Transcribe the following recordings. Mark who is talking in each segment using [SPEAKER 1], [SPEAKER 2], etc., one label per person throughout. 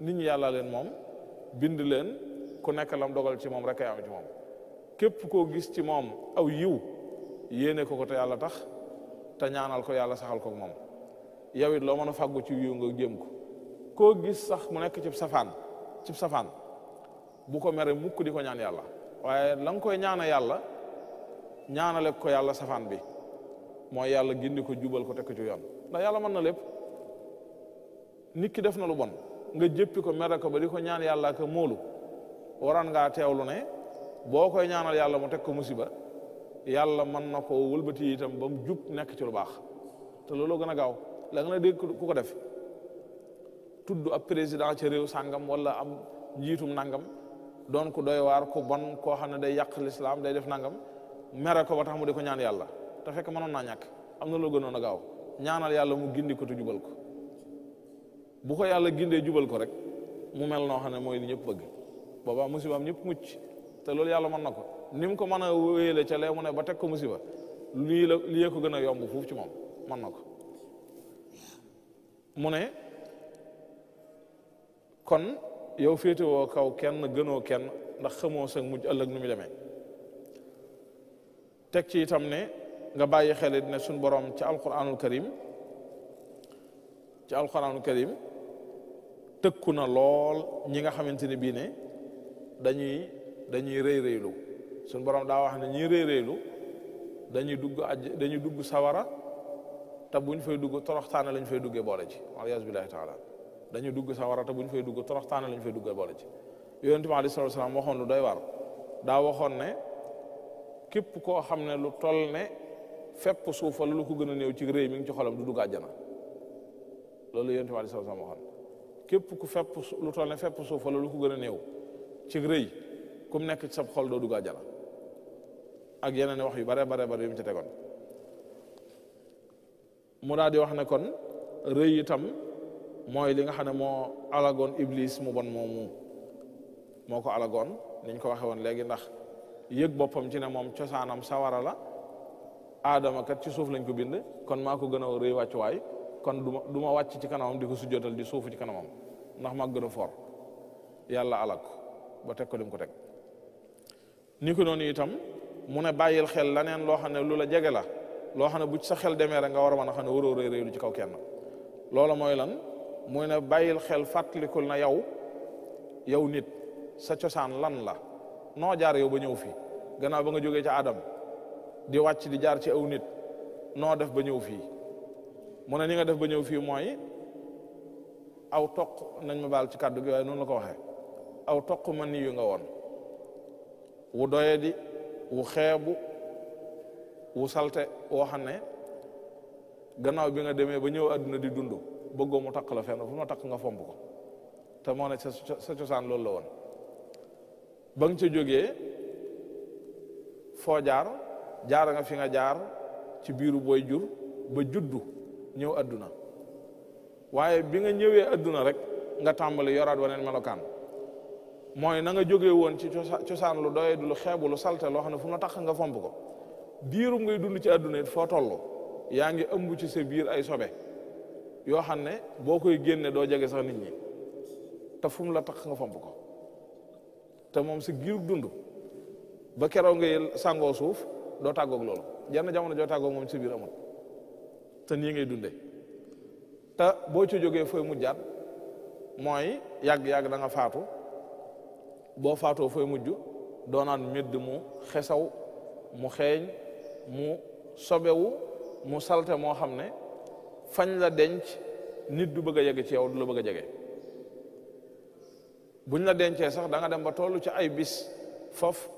[SPEAKER 1] nit ñi yàlla leen moom bind leen ku nekk lam dogal ci moom rek ay am ci moom képp koo gis ci moom aw yiw yéene ko ko te yàlla tax te ñaanal ko yàlla saxal ko moom yow it loo mën a fàggu ci yiw nga jéem ko koo gis sax mu nekk ci safaan ci safaan bu ko mere mukk di ko ñaan yàlla waaye la nga koy ñaana yàlla ñaanale ko yàlla safaan bi mooy yàlla gindi ko jubal ko teg ci yoon ndax yàlla mën na lépp nit ki def na lu bon nga jëppi ko mere ko ba di ko ñaan yàlla ka moolu waroon ngaa teewlu ne boo koy ñaanal yàlla mu teg ko musiba yàlla man na ko wëlbati itam ba mu jub nekk ci lu baax te looloo gën a gaaw la nga a dégg ku ko def tudd ab président ci réew sàngam wala am njiitum nangam doon ku doy waar ko ban koo xam ne day yàq lislaam day def nangam mere ko ba tax mu di ko ñaan yàlla ta fekk mënoon naa ñàkk am na loo gënoon a gaaw ñaanal yàlla mu gindi ko te jubal bu ko yàlla gindee jubal ko rek mu mel noo xam ne mooy li ñëpp bëgg boobaa musibaam ñëpp mucc te loolu yàlla mën na ko ni mu ko mën a wéyale ca lee mu ne ba teg ko musiba lii la lii ko gën a yomb fuuf ci moom man na ko mu ne kon yow féetewoo kaw kenn gënoo kenn ndax xamoo sa mujj ëllëg nu mu demee teg ci itam ne nga bàyyi xel it ne suñ borom ci alquranul karim ci alquranul karim tëkku na lool ñi nga xamanteni bi ne dañuy dañuy rëy rëylu suñu borom daa wax ne ñi rëy rëylu dañuy dugg aj dañuy dugg sawara te buñ fay dugg toroxtaane lañ fay duggee boole ci alias billahi taala dañuy dugg sawara te buñ fay dugg toroxtaane lañ fay duggee boole ci yonente bi alei salatu salaam waxoon lu doy war daa waxoon ne képp koo xam ne lu toll ne fepp suufa lu ko gën a néew ci rëy mi ngi ci xolam du dugg àjjana loolu yonente bi alei salatu salaam waxoon képp ku fepp lu toll ne fepp suuf wala lu ko gën a néew ci rëy ku mu nekk ci sab xol doo dugg àjjana ak yeneen wax yu bare bare bare yu mu ci tegoon mu daal wax ne kon rëy itam mooy li nga xam ne moo alagoon iblis mu bon moomu moo ko alagoon niñ ko waxe woon léegi ndax yëg boppam ci ne moom cosaanam sawara la aadama kat ci suuf lañ ko bind kon maa ko gën a rëy wàccuwaay kon duma duma wacc ci kanamam di sujjotal di suufu ci kanamam ndax ma gëna for yalla alak ba tek ko lim ko tek niko non itam mu ne bàyyil xel lanen lo xamne lula lu la lo xamne bu ci sa xel démé rek nga wara mëna xamne a reey lu ci kaw kenn loola moy lan moy ne bayil xel fatlikul na yaw yaw nit sa ciosan lan la no jaar yow ba ñew fi gannaaw ba nga joggé ci Adam di wacc di jaar ci aw nit no def ba ñew fi mu ne ni nga def ba ñëw fii mooy aw toq nañ ma baal ci kàddu gi waaye noonu la ko waxee aw toq ma ni yu nga woon wu doyadi wu xeebu wu salte woo xam ne gannaaw bi nga demee ba ñëw àdduna di dund bëggoo mu takk la fenn fu ma takk nga fomp ko te moo ne sa cosaan loolu la woon ba nga ca jógee foo jaar jaara nga fi nga jaar ci biiru booy jur ba juddu ñëw adduna waaye bi nga ñëwee adduna rek nga tàmbali yoraat waneen melokaan mooy na nga jógee woon ci cosaan lu doyee du lu xeebu lu salte loo xam ne fu mu tax nga fomp ko diirum ngay dund ci adduna it foo toll yaa ngi ëmb ci sa biir ay sobe yoo xam ne boo koy génne doo jege sax nit ñi te fum la tax nga fomp ko te moom si giirug dund ba keroog ngay sàngoo suuf doo tàggoog loolu jenn jamono joo tàggoog moom si biir te nii ngay dunde te boo ci jógee fooy mujjaat mooy yàgg-yàgg da nga boo faatoo fooy mujj doonaan medd mu xesaw mu xeeñ mu sobewu mu salte moo xam ne fañ la denc nit du bëgg a yegg ci yow du la bëgg a jege buñ la dencee sax danga dem ba tollu ci ay bis foofu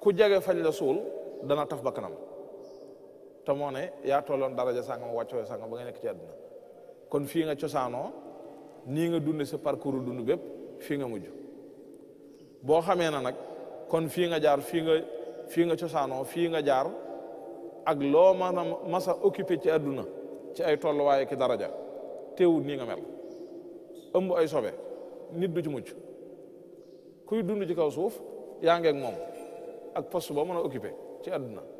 [SPEAKER 1] ku jege fañ la suul dana taf ba kanam te moo ne yaa tolloon daraja sàngam wàccoo sàngam ba nga nekk ci àdduna kon fii nga cosaanoo nii nga dunde sa parcours dund bépp fii nga mujj boo xamee na nag kon fii nga jaar fii nga fii nga cosaanoo fii nga jaar ak loo mën masa occupé ci àdduna ci ay tolluwaay ki daraja teewut nii nga mel ëmb ay sobe nit du ci mujj kuy dund ci kaw suuf yaa ngeeg moom ak post boo mën a occupé ci àdduna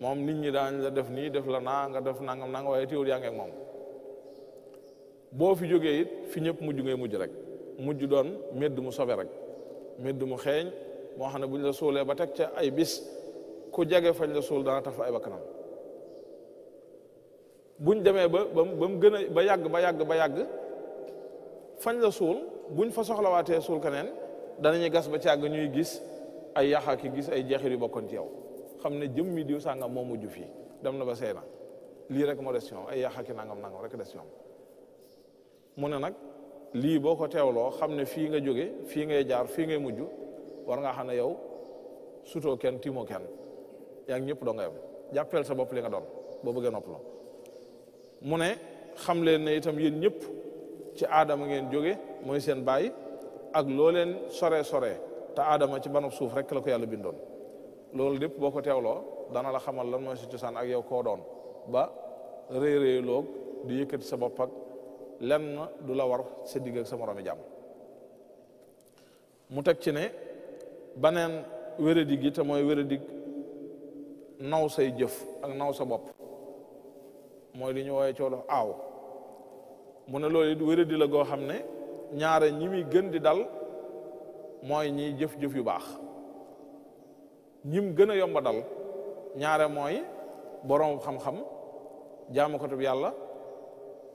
[SPEAKER 1] moom nit ñi daañ la def nii def la naa nga def nangam nangam waaye ti yaa ngi ak moom boo fi jógee it fi ñëpp mujj ngay mujj rek mujj doon medd mu sobe rek medd mu xeeñ moo xam ne buñ la suulee ba teg ca ay bis ku jege fañ la suul dana taf ay bakkanam buñ demee ba ba mu gën a ba yàgg ba yàgg ba yàgg fañ la suul buñ fa soxlawaatee suul keneen danañuy gas ba ci àgg ñuy gis ay yaxaaki gis ay jeexit yu bokkoon ci yow xam ne jëmmi diw sàngam moo mujj fii dem na ba seena lii rek moo des ci moom ay yàq nangam nangam rek des ci moom mu ne nag lii boo ko teewloo xam ne fii nga jóge fii ngay jaar fii ngay mujj war nga xam ne yow sutoo kenn tiimoo kenn yaa ngi ñëpp doo nga yem jàppeel sa bopp li nga doon boo bëggee noppaloo mu ne xam leen ne itam yéen ñëpp ci aadama ngeen jóge mooy seen baay ak loo leen sore sore ta aadama ci banab suuf rek la ko yàlla bindoon loolu lépp boo ko teewloo dana la xamal lan mooy si cosaan ak yow koo doon ba réy réyloog di yëkkati sa boppag ak lenn du la war sa digg sa moroomi jàmm mu teg ci ne baneen wéradi gi te mooy wéradi naw say jëf ak naw sa bopp mooy li ñu wooyee coolo aw mu ne loolu it wéradi la goo xam ne ñaare ñi gën di dal mooy ñiy jëf-jëf yu baax ñim gën a yomba dal ñaare mooy borom xam-xam jaamakatub yàlla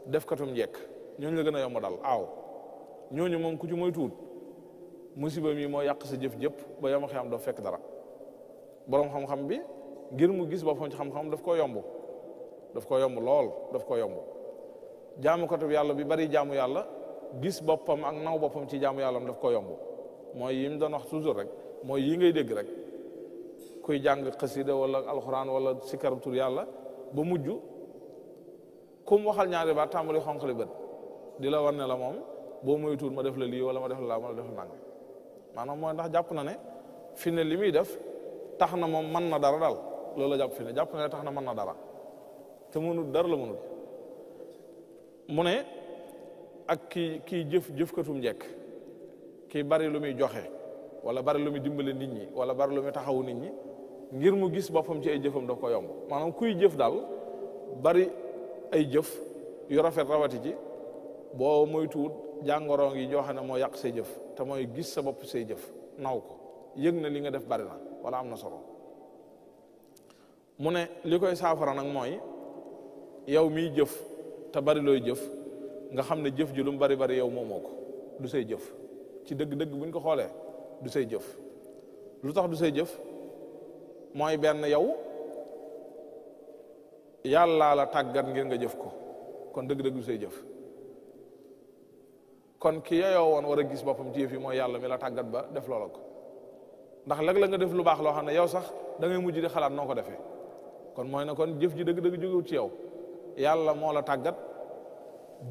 [SPEAKER 1] def katum njekk ñooñu la gën a yomb dal aaw ñooñu moom ku ci mooy tuut musiba mi moo yàq si jëf jëpp ba yoma xiyam fekk dara borom xam bi ngir mu gis boppam ci xam daf koo yomb daf ko yomb lool daf koo yomb jaamukatub yàlla bi bari jaamu yàlla gis boppam ak naw boppam ci jaamu yàllam daf koo yomb mooy yi mu wax toujours rek mooy yi ngay dégg rek kuy jàng xasida wala alxuraan wala sikaratur yàlla ba mujj kom waxal ñaari ba tàmbali xonq li di la war ne la moom boo moytuwul ma def la lii wala ma def la laa a def la nang maanaam mooy ndax jàpp na ne fi ne li muy def tax na moom mën na dara daal loolu la jàpp fi jàpp na ne tax na mën na dara te mënul dara la mënul mu ne ak kii kii jëf jëfkatum njekk kii bari lu muy joxe wala bari lu dimbale nit ñi wala bari lu taxawu nit ñi ngir mu gis boppam ci ay jëfam da ko yomb maanaam kuy jëf daal bari ay jëf yu rafet rawati ci boo moytuwut jàngoroo ngi joo xam ne moo yàq say jëf te mooy gis sa bopp say jëf naw ko yëg na li nga def bari na wala am na solo mu ne li koy saafara nag mooy yow miy jëf te bari looy jëf nga xam ne jëf ji lu bari bari yow moomoo ko du say jëf ci dëgg-dëgg buñ ko xoolee du say jëf lu tax du say jëf mooy benn yow yàllaa la tàggat ngir nga jëf ko kon dëgg-dëgg du jëf kon ki yeyoo woon war a gis boppam ci yëf yi mooy yàlla mi la tàggat ba def loola ko ndax léeg la nga def lu baax loo xam ne yow sax dangay mujj di xalaat noo ko defee kon mooy ne kon jëf ji dëgg-dëgg jógewut ci yow yàlla moo la tàggat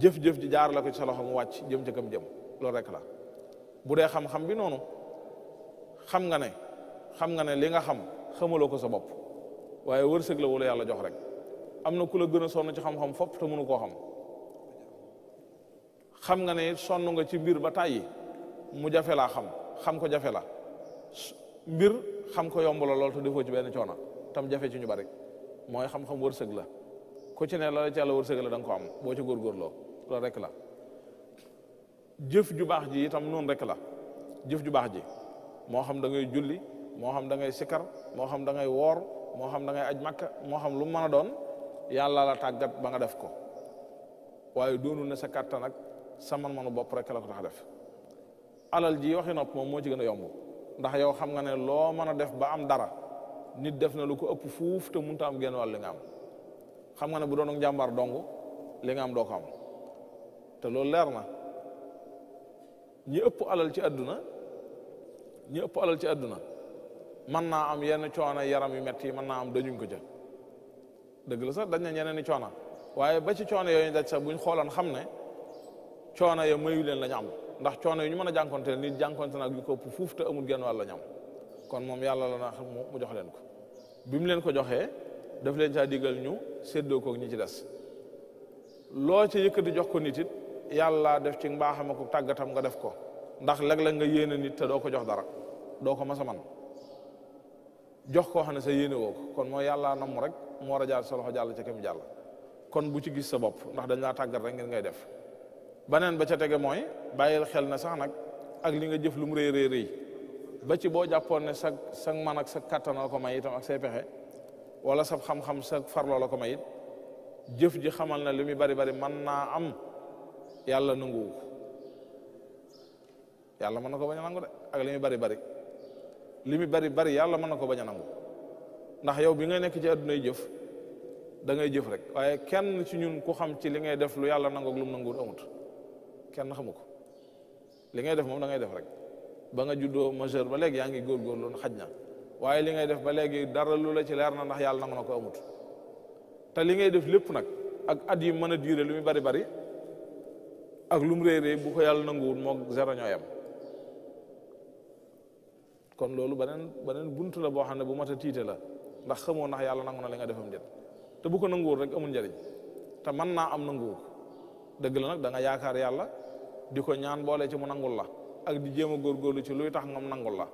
[SPEAKER 1] jëf-jëf ji jaar la ko ci sa loxo mu wàcc jëm ca jëm loolu rek la bu dee xam-xam bi noonu xam nga ne xam nga ne li nga xam xamaloo ko sa bopp waaye wërsëg la wala yàlla jox rek am na ku la gën a sonn ci xam-xam fopp te mënu koo xam xam nga ne sonn nga ci mbir ba tàyyi mu jafe laa xam xam ko jafe la mbir xam ko yomb la lool te defoo ci benn coona tam jafe ci ñu bari mooy xam-xam wërsëg la ku ci ne la la ci yàlla wërsëg la da nga ko am boo ci góorgóorloo loolu rek la jëf ju baax ji itam noonu rek la jëf ju baax ji moo xam da ngay julli mo xam da ngay sikar mo xam da ngay woor mo xam da ngay aj makka mo xam lu mën a doon yàlla la tàggat ba nga def ko waaye doonu na sa sa man-manu bopp rek la ko tax def alal ji waxi nopp moom moo ci gën a yomb ndax yow xam nga ne loo mën a def ba am dara nit def na lu ko ëpp fuuf te munta am genn wàll li nga am xam nga ne bu doon njàmbaar dong li nga am doo ko te loolu leer na ñi ëpp alal ci àdduna ñi ëpp alal ci àdduna man naa am yenn coono yaram yu metti yi mën naa am dañuñ ko ca dëgg la sax dañ na ñeneen i coono waaye ba ci coono yooyu daj sax buñ xooloon xam ne coona ya mayu leen la ñu am ndax coono yi ñu mën a jànkonte nit jànkonte nag yu ko ëpp fuuf te amul genn wàll la ñu kon moom yàlla la na xam mu jox leen ko bi mu leen ko joxee daf leen caa digal ñu séddoo koog ñi ci des loo ci yëkkati jox ko nit it yàlla def ci mbaaxam ko tàggatam nga def ko ndax léeg-léeg nga yéene nit te doo ko jox dara doo ko mas a man jox koo xam ne sa yéene woo ko kon moo yàllaa namm rek mu war a jaar sa loxo jàll ca kem jàll kon bu ci gis sa bopp ndax dañ laa tàggat rek ngeen ngay def beneen ba ca tege mooy bàyyil xel na sax nag ak li nga jëf lu mu rëy rëy rëy ba ci boo jàppoon ne sa sa man ak sa kattanal ko may itam ak say pexe wala sa xam sa farloo ko may jëf ji xamal na li muy bari bari man naa am yàlla nanguwu yàlla mën na ko bañ a nangu de ak li bari bari li mu bari bari yàlla mën na ko bañ a nangu ndax yow bi ngay nekk ci àddunay jëf dangay jëf rek waaye kenn ci ñun ku xam ci li ngay def lu yàlla nangoog lu mu nanguwul amut kenn xamu ko li ngay def moom da ngay def rek ba nga juddoo majeur ba léegi yaa ngi góorgóorlu xaj na waaye li ngay def ba léegi dara lu la ci leer na ndax yàlla nangu na ko amut te li ngay def lépp nag ak at yi mën a diire lu mu bari bari ak lu mu réeree bu ko yàlla nanguwul moog zéro ñooyam kon loolu beneen beneen buntu la boo xam ne bu mat a tiite la ndax xamoo ndax yàlla nangu na li nga defam jët te bu ko nanguwul rek amul njëriñ te mën naa am nanguwu dëgg la nag da nga yaakaar yàlla di ko ñaan boole ci mu nangul la ak di jéem a góorgóorlu ci luy tax ngam nangul la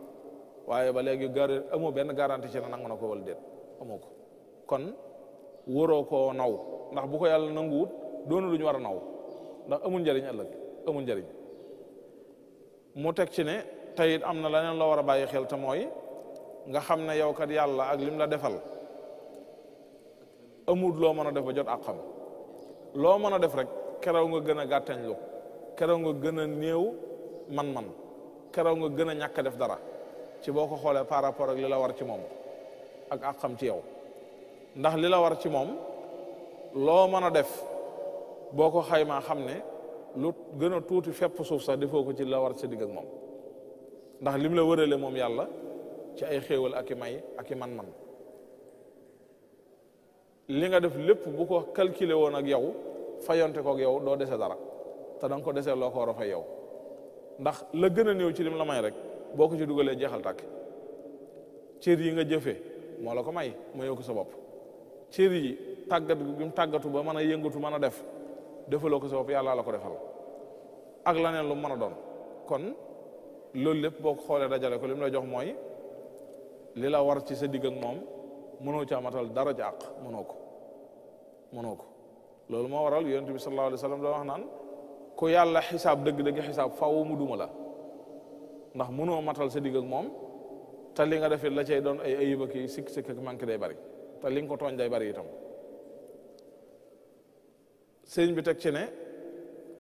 [SPEAKER 1] waaye ba léegi gar amoo benn garantie ci ne nangu na ko wala déet amoo ko kon waroo ko naw ndax bu ko yàlla nangu doonu lu ñu war a naw ndax amul njëriñ ëllëg amul njariñ mu teg ci ne teyit am na leneen loo war a bàyyi xel te mooy nga xam ne yow kat yàlla ak lim la defal amut loo mën a def ba jot ak loo mën a def rek keroog nga gën a gàtteñlu keroog nga gën a néew man-man keroog nga gën a ñàkk def dara ci boo ko xoolee par rapport ak li la war ci moom ak ak ci yow ndax li la war ci moom loo mën a def boo ko xaymaa xam ne lu gëna tuuti fepp suuf sax defoo ko ci la war sa digg ak moom ndax lim la wërale moom yàlla ci ay xéewal ak i may ak i man-man li nga def lépp bu ko calculer woon ak yow fayonte kook yow doo dese dara te dang nga ko desee loo ko war fay yow ndax la gën a néew ci lim la may rek boo ko ci dugalee jeexal tàkk cër yi nga jëfe moo la ko may mayoo ko sa bopp cër yi tàggat gi mu tàggatu ba mën a yëngatu mën a def defaloo ko sa yàlla la ko defal ak laneen lu mën a doon kon loolu lépp boo xoolee dajale ko li la jox mooy li la war ci sa digg moom mënoo ci matal dara ci àq mënoo ko mënoo ko loolu moo waral yonent bi sallallahu alayhi wa sallam da wax naan ku yàlla xisaab dëgg-dëgg xisaab faaw mu duma la ndax mënoo matal sa digg moom te li nga defit la cay doon ay ayib ak i sikk sikk ak manque day bari te ling ko tooñ day bari itam sëñ bi teg ci ne